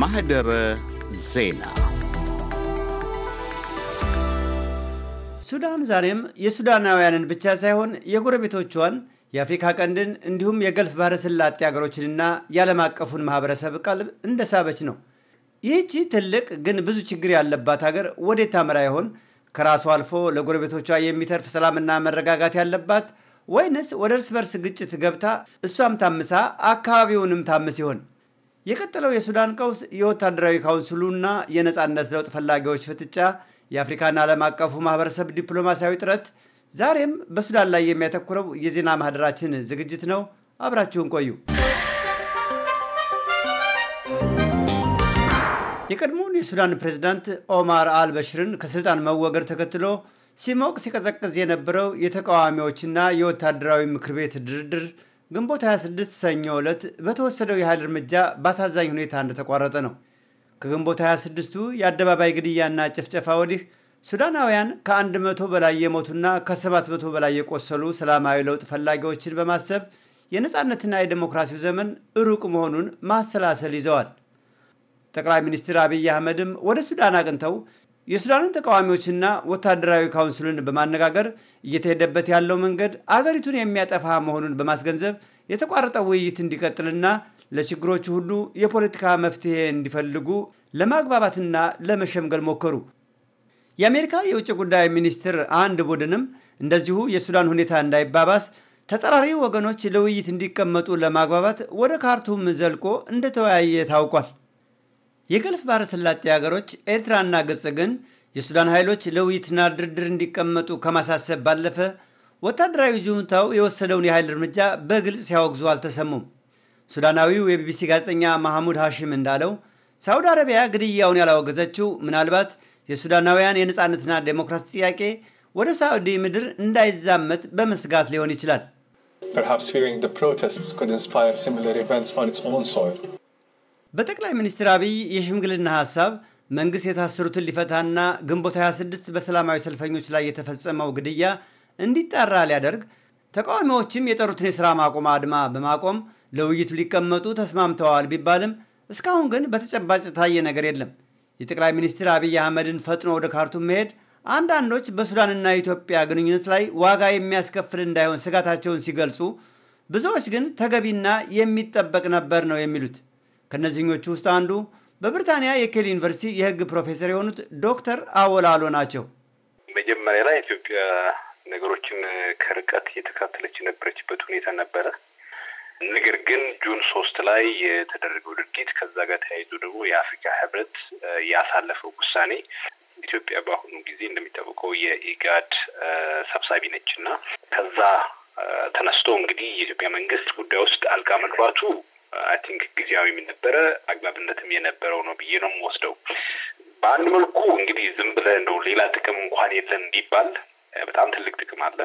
ማህደረ ዜና ሱዳን ዛሬም የሱዳናውያንን ብቻ ሳይሆን የጎረቤቶቿን የአፍሪካ ቀንድን እንዲሁም የገልፍ ባህረ ስላጤ ሀገሮችንና የዓለም አቀፉን ማህበረሰብ ቀልብ እንደሳበች ነው። ይህቺ ትልቅ ግን ብዙ ችግር ያለባት ሀገር ወዴት ታመራ ይሆን? ከራሷ አልፎ ለጎረቤቶቿ የሚተርፍ ሰላምና መረጋጋት ያለባት ወይንስ ወደ እርስ በርስ ግጭት ገብታ እሷም ታምሳ አካባቢውንም ታምስ ይሆን? የቀጠለው የሱዳን ቀውስ የወታደራዊ ካውንስሉና የነፃነት ለውጥ ፈላጊዎች ፍጥጫ፣ የአፍሪካና ዓለም አቀፉ ማህበረሰብ ዲፕሎማሲያዊ ጥረት ዛሬም በሱዳን ላይ የሚያተኩረው የዜና ማህደራችን ዝግጅት ነው። አብራችሁን ቆዩ። የቀድሞውን የሱዳን ፕሬዝዳንት ኦማር አልበሽርን ከስልጣን መወገድ ተከትሎ ሲሞቅ ሲቀዘቅዝ የነበረው የተቃዋሚዎችና የወታደራዊ ምክር ቤት ድርድር ግንቦት 26 ሰኞ ዕለት በተወሰደው የኃይል እርምጃ በአሳዛኝ ሁኔታ እንደተቋረጠ ነው። ከግንቦት 26ቱ የአደባባይ ግድያና ጭፍጨፋ ወዲህ ሱዳናውያን ከአንድ መቶ በላይ የሞቱና ከሰባት መቶ በላይ የቆሰሉ ሰላማዊ ለውጥ ፈላጊዎችን በማሰብ የነፃነትና የዴሞክራሲው ዘመን ሩቅ መሆኑን ማሰላሰል ይዘዋል። ጠቅላይ ሚኒስትር አብይ አህመድም ወደ ሱዳን አቅንተው የሱዳንን ተቃዋሚዎችና ወታደራዊ ካውንስሉን በማነጋገር እየተሄደበት ያለው መንገድ አገሪቱን የሚያጠፋ መሆኑን በማስገንዘብ የተቋረጠው ውይይት እንዲቀጥልና ለችግሮቹ ሁሉ የፖለቲካ መፍትሄ እንዲፈልጉ ለማግባባትና ለመሸምገል ሞከሩ። የአሜሪካ የውጭ ጉዳይ ሚኒስትር አንድ ቡድንም እንደዚሁ የሱዳን ሁኔታ እንዳይባባስ ተጻራሪ ወገኖች ለውይይት እንዲቀመጡ ለማግባባት ወደ ካርቱም ዘልቆ እንደተወያየ ታውቋል። የገልፍ ባሕረ ሰላጤ ሀገሮች ኤርትራና ግብፅ ግን የሱዳን ኃይሎች ለውይይትና ድርድር እንዲቀመጡ ከማሳሰብ ባለፈ ወታደራዊ ጁንታው የወሰደውን የኃይል እርምጃ በግልጽ ሲያወግዙ አልተሰሙም። ሱዳናዊው የቢቢሲ ጋዜጠኛ ማሐሙድ ሃሺም እንዳለው ሳውዲ አረቢያ ግድያውን ያላወገዘችው ምናልባት የሱዳናውያን የነፃነትና ዴሞክራሲ ጥያቄ ወደ ሳዑዲ ምድር እንዳይዛመት በመስጋት ሊሆን ይችላል። በጠቅላይ ሚኒስትር አብይ የሽምግልና ሀሳብ መንግስት የታሰሩትን ሊፈታና ግንቦት 26 በሰላማዊ ሰልፈኞች ላይ የተፈጸመው ግድያ እንዲጣራ ሊያደርግ ተቃዋሚዎችም የጠሩትን የሥራ ማቆም አድማ በማቆም ለውይይቱ ሊቀመጡ ተስማምተዋል ቢባልም እስካሁን ግን በተጨባጭ የታየ ነገር የለም። የጠቅላይ ሚኒስትር አብይ አህመድን ፈጥኖ ወደ ካርቱም መሄድ አንዳንዶች በሱዳንና ኢትዮጵያ ግንኙነት ላይ ዋጋ የሚያስከፍል እንዳይሆን ስጋታቸውን ሲገልጹ፣ ብዙዎች ግን ተገቢና የሚጠበቅ ነበር ነው የሚሉት። ከእነዚህኞቹ ውስጥ አንዱ በብሪታንያ የኬል ዩኒቨርሲቲ የህግ ፕሮፌሰር የሆኑት ዶክተር አወላሎ ናቸው። መጀመሪያ ላይ ኢትዮጵያ ነገሮችን ከርቀት እየተከታተለች የነበረችበት ሁኔታ ነበረ። ነገር ግን ጁን ሶስት ላይ የተደረገው ድርጊት ከዛ ጋር ተያይዞ ደግሞ የአፍሪካ ህብረት ያሳለፈው ውሳኔ ኢትዮጵያ በአሁኑ ጊዜ እንደሚታወቀው የኢጋድ ሰብሳቢ ነች እና ከዛ ተነስቶ እንግዲህ የኢትዮጵያ መንግስት ጉዳይ ውስጥ አልቃ መግባቱ አይ ቲንክ ጊዜያዊም ነበረ አግባብነትም የነበረው ነው ብዬ ነው የምወስደው። በአንድ መልኩ እንግዲህ ዝም ብለህ እንደው ሌላ ጥቅም እንኳን የለም እንዲባል በጣም ትልቅ ጥቅም አለ።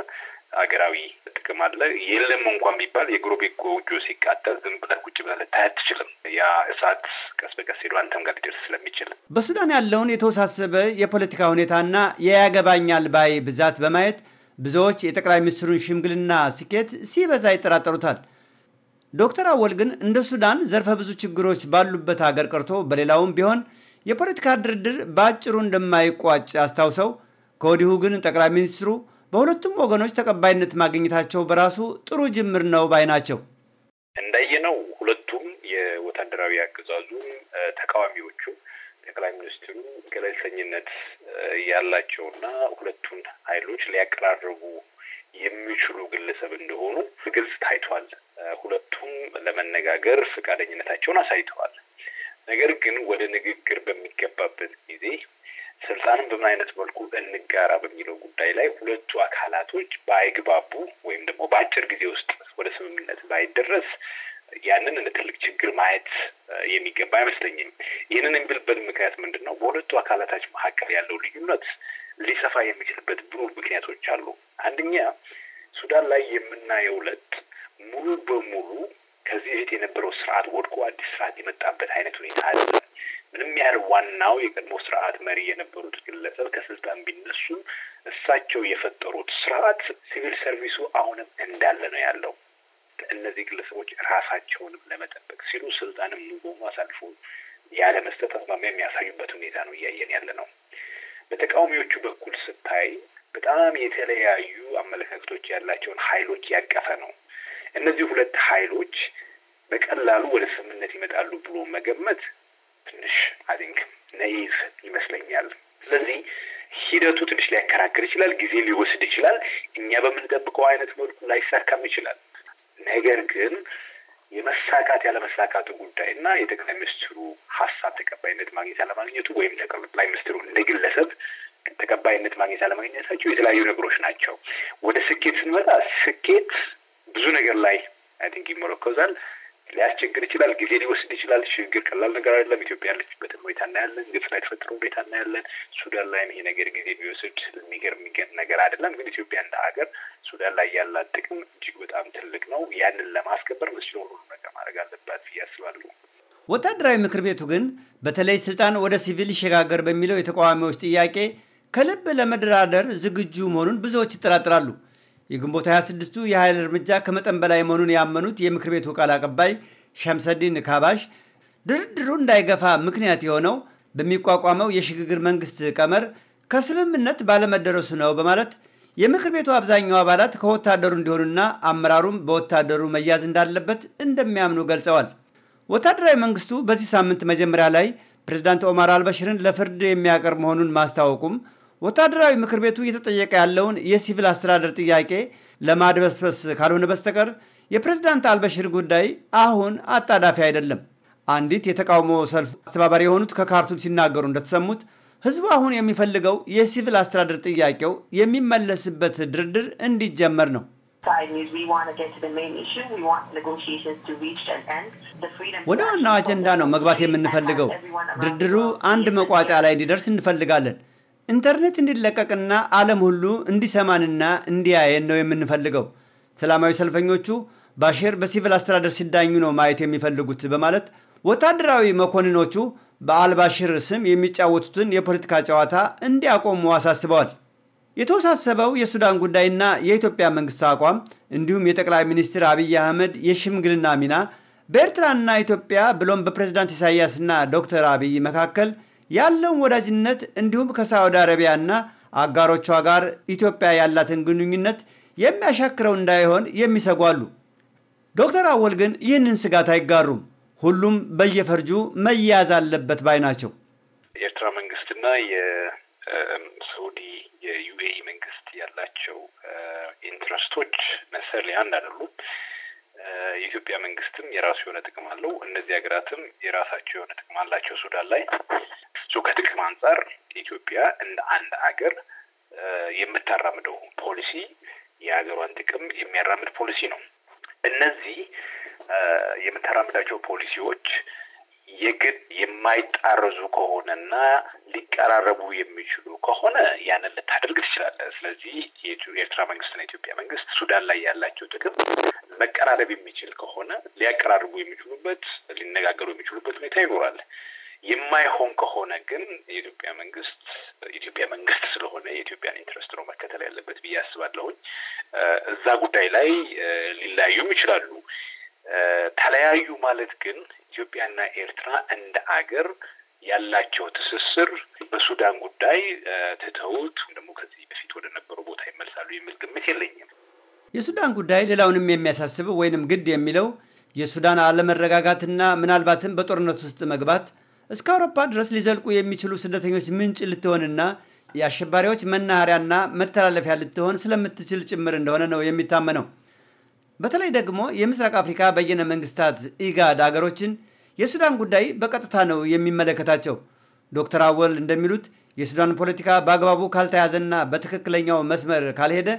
ሀገራዊ ጥቅም አለ። የለም እንኳን ቢባል የጎረቤት ጎጆ ሲቃጠል ዝም ብለህ ቁጭ ብለህ ልታይ አትችልም። ያ እሳት ቀስ በቀስ ሄዶ አንተም ጋር ሊደርስ ስለሚችል በሱዳን ያለውን የተወሳሰበ የፖለቲካ ሁኔታና የያገባኛል ባይ ብዛት በማየት ብዙዎች የጠቅላይ ሚኒስትሩን ሽምግልና ስኬት ሲበዛ ይጠራጠሩታል። ዶክተር አወል ግን እንደ ሱዳን ዘርፈ ብዙ ችግሮች ባሉበት ሀገር ቀርቶ በሌላውም ቢሆን የፖለቲካ ድርድር በአጭሩ እንደማይቋጭ አስታውሰው ከወዲሁ ግን ጠቅላይ ሚኒስትሩ በሁለቱም ወገኖች ተቀባይነት ማግኘታቸው በራሱ ጥሩ ጅምር ነው ባይ ናቸው። እንዳየነው ሁለቱም የወታደራዊ አገዛዙም ተቃዋሚዎቹ ጠቅላይ ሚኒስትሩ ገለልተኝነት ያላቸውና ሁለቱን ኃይሎች ሊያቀራርቡ የሚችሉ ግለሰብ እንደሆኑ ግልጽ ታይቷል። ሁለቱም ለመነጋገር ፈቃደኝነታቸውን አሳይተዋል። ነገር ግን ወደ ንግግር በሚገባበት ጊዜ ስልጣንን በምን አይነት መልኩ እንጋራ በሚለው ጉዳይ ላይ ሁለቱ አካላቶች ባይግባቡ ወይም ደግሞ በአጭር ጊዜ ውስጥ ወደ ስምምነት ባይደረስ ያንን እንደ ትልቅ ችግር ማየት የሚገባ አይመስለኝም። ይህንን የሚልበት ምክንያት ምንድን ነው? በሁለቱ አካላታች መካከል ያለው ልዩነት ሊሰፋ የሚችልበት ብሩህ ምክንያቶች አሉ። አንደኛ ሱዳን ላይ የምናየው ለጥ ሙሉ በሙሉ ከዚህ በፊት የነበረው ስርዓት ወድቆ አዲስ ስርዓት የመጣበት አይነት ሁኔታ አለ። ምንም ያህል ዋናው የቀድሞ ስርዓት መሪ የነበሩት ግለሰብ ከስልጣን ቢነሱም እሳቸው የፈጠሩት ስርዓት ሲቪል ሰርቪሱ አሁንም እንዳለ ነው ያለው። እነዚህ ግለሰቦች ራሳቸውንም ለመጠበቅ ሲሉ ስልጣንም ሙሉ በሙሉ አሳልፎ ያለመስጠት አስማሚያ የሚያሳዩበት ሁኔታ ነው እያየን ያለ ነው። በተቃዋሚዎቹ በኩል ስታይ በጣም የተለያዩ አመለካከቶች ያላቸውን ኃይሎች ያቀፈ ነው። እነዚህ ሁለት ኃይሎች በቀላሉ ወደ ስምምነት ይመጣሉ ብሎ መገመት ትንሽ አይ ቲንክ ነይቭ ይመስለኛል። ስለዚህ ሂደቱ ትንሽ ሊያከራክር ይችላል፣ ጊዜ ሊወስድ ይችላል፣ እኛ በምንጠብቀው አይነት መልኩ ላይሳካም ይችላል። ነገር ግን የመሳካት ያለመሳካቱ ጉዳይ እና የጠቅላይ ሚኒስትሩ ሀሳብ ተቀባይነት ማግኘት ያለማግኘቱ ወይም ጠቅላይ ሚኒስትሩ እንደ ግለሰብ ተቀባይነት ማግኘት ያለማግኘታቸው የተለያዩ ነገሮች ናቸው። ወደ ስኬት ስንመጣ ስኬት ብዙ ነገር ላይ አይ ቲንክ ይመረኮዛል። ሊያስቸግር ይችላል፣ ጊዜ ሊወስድ ይችላል። ሽግግር ቀላል ነገር አይደለም። ኢትዮጵያ ያለችበትን ሁኔታ እናያለን። ግብጽ ላይ የተፈጠረ ሁኔታ እናያለን። ሱዳን ላይም ይሄ ነገር ጊዜ ቢወስድ የሚገርም ነገር አይደለም። ግን ኢትዮጵያ እንደ ሀገር ሱዳን ላይ ያላት ጥቅም እጅግ በጣም ትልቅ ነው። ያንን ለማስከበር መስችለ ሁሉ ነገር ማድረግ አለባት ብዬ አስባለሁ። ወታደራዊ ምክር ቤቱ ግን በተለይ ስልጣን ወደ ሲቪል ይሸጋገር በሚለው የተቃዋሚዎች ጥያቄ ከልብ ለመደራደር ዝግጁ መሆኑን ብዙዎች ይጠራጥራሉ። የግንቦት 26ቱ የኃይል እርምጃ ከመጠን በላይ መሆኑን ያመኑት የምክር ቤቱ ቃል አቀባይ ሸምሰዲን ካባሽ ድርድሩ እንዳይገፋ ምክንያት የሆነው በሚቋቋመው የሽግግር መንግስት ቀመር ከስምምነት ባለመደረሱ ነው በማለት የምክር ቤቱ አብዛኛው አባላት ከወታደሩ እንዲሆኑና አመራሩም በወታደሩ መያዝ እንዳለበት እንደሚያምኑ ገልጸዋል። ወታደራዊ መንግስቱ በዚህ ሳምንት መጀመሪያ ላይ ፕሬዚዳንት ኦማር አልበሽርን ለፍርድ የሚያቀርብ መሆኑን ማስታወቁም ወታደራዊ ምክር ቤቱ እየተጠየቀ ያለውን የሲቪል አስተዳደር ጥያቄ ለማድበስበስ ካልሆነ በስተቀር የፕሬዝዳንት አልበሽር ጉዳይ አሁን አጣዳፊ አይደለም። አንዲት የተቃውሞ ሰልፍ አስተባባሪ የሆኑት ከካርቱም ሲናገሩ እንደተሰሙት ህዝቡ አሁን የሚፈልገው የሲቪል አስተዳደር ጥያቄው የሚመለስበት ድርድር እንዲጀመር ነው። ወደ ዋናው አጀንዳ ነው መግባት የምንፈልገው። ድርድሩ አንድ መቋጫ ላይ እንዲደርስ እንፈልጋለን። ኢንተርኔት እንዲለቀቅና ዓለም ሁሉ እንዲሰማንና እንዲያየን ነው የምንፈልገው። ሰላማዊ ሰልፈኞቹ ባሽር በሲቪል አስተዳደር ሲዳኙ ነው ማየት የሚፈልጉት በማለት ወታደራዊ መኮንኖቹ በአልባሽር ስም የሚጫወቱትን የፖለቲካ ጨዋታ እንዲያቆሙ አሳስበዋል። የተወሳሰበው የሱዳን ጉዳይና የኢትዮጵያ መንግስት አቋም እንዲሁም የጠቅላይ ሚኒስትር አብይ አህመድ የሽምግልና ሚና በኤርትራና ኢትዮጵያ ብሎም በፕሬዝዳንት ኢሳያስና ዶክተር አብይ መካከል ያለውን ወዳጅነት እንዲሁም ከሳዑዲ አረቢያና አጋሮቿ ጋር ኢትዮጵያ ያላትን ግንኙነት የሚያሻክረው እንዳይሆን የሚሰጓሉ። ዶክተር አወል ግን ይህንን ስጋት አይጋሩም። ሁሉም በየፈርጁ መያዝ አለበት ባይ ናቸው። የኤርትራ መንግስትና የሳዑዲ የዩኤኢ መንግስት ያላቸው ኢንትረስቶች መሰል አንድ አይደሉም። የኢትዮጵያ መንግስትም የራሱ የሆነ ጥቅም አለው። እነዚህ ሀገራትም የራሳቸው የሆነ ጥቅም አላቸው ሱዳን ላይ ከጥቅም አንጻር ኢትዮጵያ እንደ አንድ ሀገር የምታራምደው ፖሊሲ የሀገሯን ጥቅም የሚያራምድ ፖሊሲ ነው። እነዚህ የምታራምዳቸው ፖሊሲዎች የግድ የማይጣረዙ ከሆነና ሊቀራረቡ የሚችሉ ከሆነ ያንን ልታደርግ ትችላለህ። ስለዚህ የኤርትራ መንግስትና የኢትዮጵያ መንግስት ሱዳን ላይ ያላቸው ጥቅም መቀራረብ የሚችል ከሆነ ሊያቀራርቡ የሚችሉበት ሊነጋገሩ የሚችሉበት ሁኔታ ይኖራል። የማይሆን ከሆነ ግን የኢትዮጵያ መንግስት ኢትዮጵያ መንግስት ስለሆነ የኢትዮጵያን ኢንትረስት ነው መከተል ያለበት ብዬ አስባለሁኝ። እዛ ጉዳይ ላይ ሊለያዩም ይችላሉ። ተለያዩ ማለት ግን ኢትዮጵያና ኤርትራ እንደ አገር ያላቸው ትስስር በሱዳን ጉዳይ ትተውት ወይም ደግሞ ከዚህ በፊት ወደ ነበሩ ቦታ ይመልሳሉ የሚል ግምት የለኝም። የሱዳን ጉዳይ ሌላውንም የሚያሳስብ ወይንም ግድ የሚለው የሱዳን አለመረጋጋትና ምናልባትም በጦርነት ውስጥ መግባት እስከ አውሮፓ ድረስ ሊዘልቁ የሚችሉ ስደተኞች ምንጭ ልትሆንና የአሸባሪዎች መናኸሪያና መተላለፊያ ልትሆን ስለምትችል ጭምር እንደሆነ ነው የሚታመነው። በተለይ ደግሞ የምስራቅ አፍሪካ በየነ መንግስታት ኢጋድ አገሮችን የሱዳን ጉዳይ በቀጥታ ነው የሚመለከታቸው። ዶክተር አወል እንደሚሉት የሱዳን ፖለቲካ በአግባቡ ካልተያዘና በትክክለኛው መስመር ካልሄደ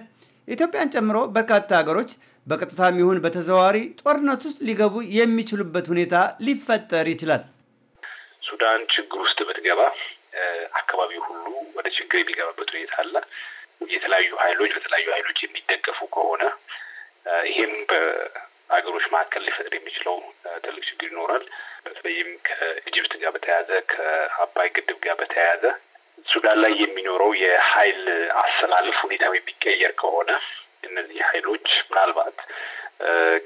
ኢትዮጵያን ጨምሮ በርካታ አገሮች በቀጥታም ይሁን በተዘዋዋሪ ጦርነት ውስጥ ሊገቡ የሚችሉበት ሁኔታ ሊፈጠር ይችላል። ሱዳን ችግር ውስጥ ብትገባ አካባቢው ሁሉ ወደ ችግር የሚገባበት ሁኔታ አለ። የተለያዩ ሀይሎች በተለያዩ ኃይሎች የሚደገፉ ከሆነ ይሄም በሀገሮች መካከል ሊፈጥር የሚችለው ትልቅ ችግር ይኖራል። በተለይም ከኢጅፕት ጋር በተያያዘ ከአባይ ግድብ ጋር በተያያዘ ሱዳን ላይ የሚኖረው የኃይል አሰላለፍ ሁኔታ የሚቀየር ከሆነ እነዚህ ሀይሎች ምናልባት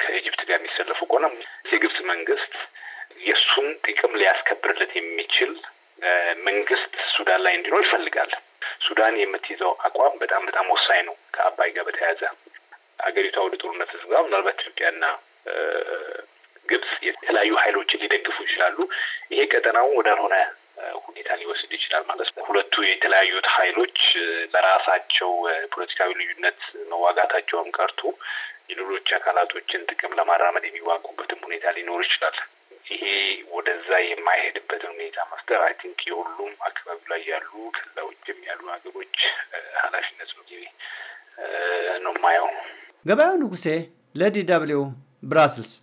ከኢጅፕት ጋር የሚሰለፉ ከሆነ የግብጽ መንግስት የእሱን ጥቅም ሊያስከብርለት የሚችል መንግስት ሱዳን ላይ እንዲኖር ይፈልጋል። ሱዳን የምትይዘው አቋም በጣም በጣም ወሳኝ ነው። ከአባይ ጋር በተያያዘ አገሪቷ ወደ ጦርነት ዝግባ ምናልባት ኢትዮጵያና ግብጽ የተለያዩ ሀይሎችን ሊደግፉ ይችላሉ። ይሄ ቀጠናውን ወዳልሆነ ሁኔታ ሊወስድ ይችላል ማለት ነው። ሁለቱ የተለያዩት ሀይሎች ለራሳቸው ፖለቲካዊ ልዩነት መዋጋታቸውም ቀርቶ የሌሎች አካላቶችን ጥቅም ለማራመድ የሚዋጉበትም ሁኔታ ሊኖር ይችላል። ይሄ ወደዛ የማይሄድበትን ሁኔታ መፍጠር አይ ቲንክ የሁሉም አካባቢ ላይ ያሉ ከዛ ውጭም ያሉ ሀገሮች ኃላፊነት ነው ነው የማየው። ገበያው ንጉሴ ለዲ ደብልዩ ብራስልስ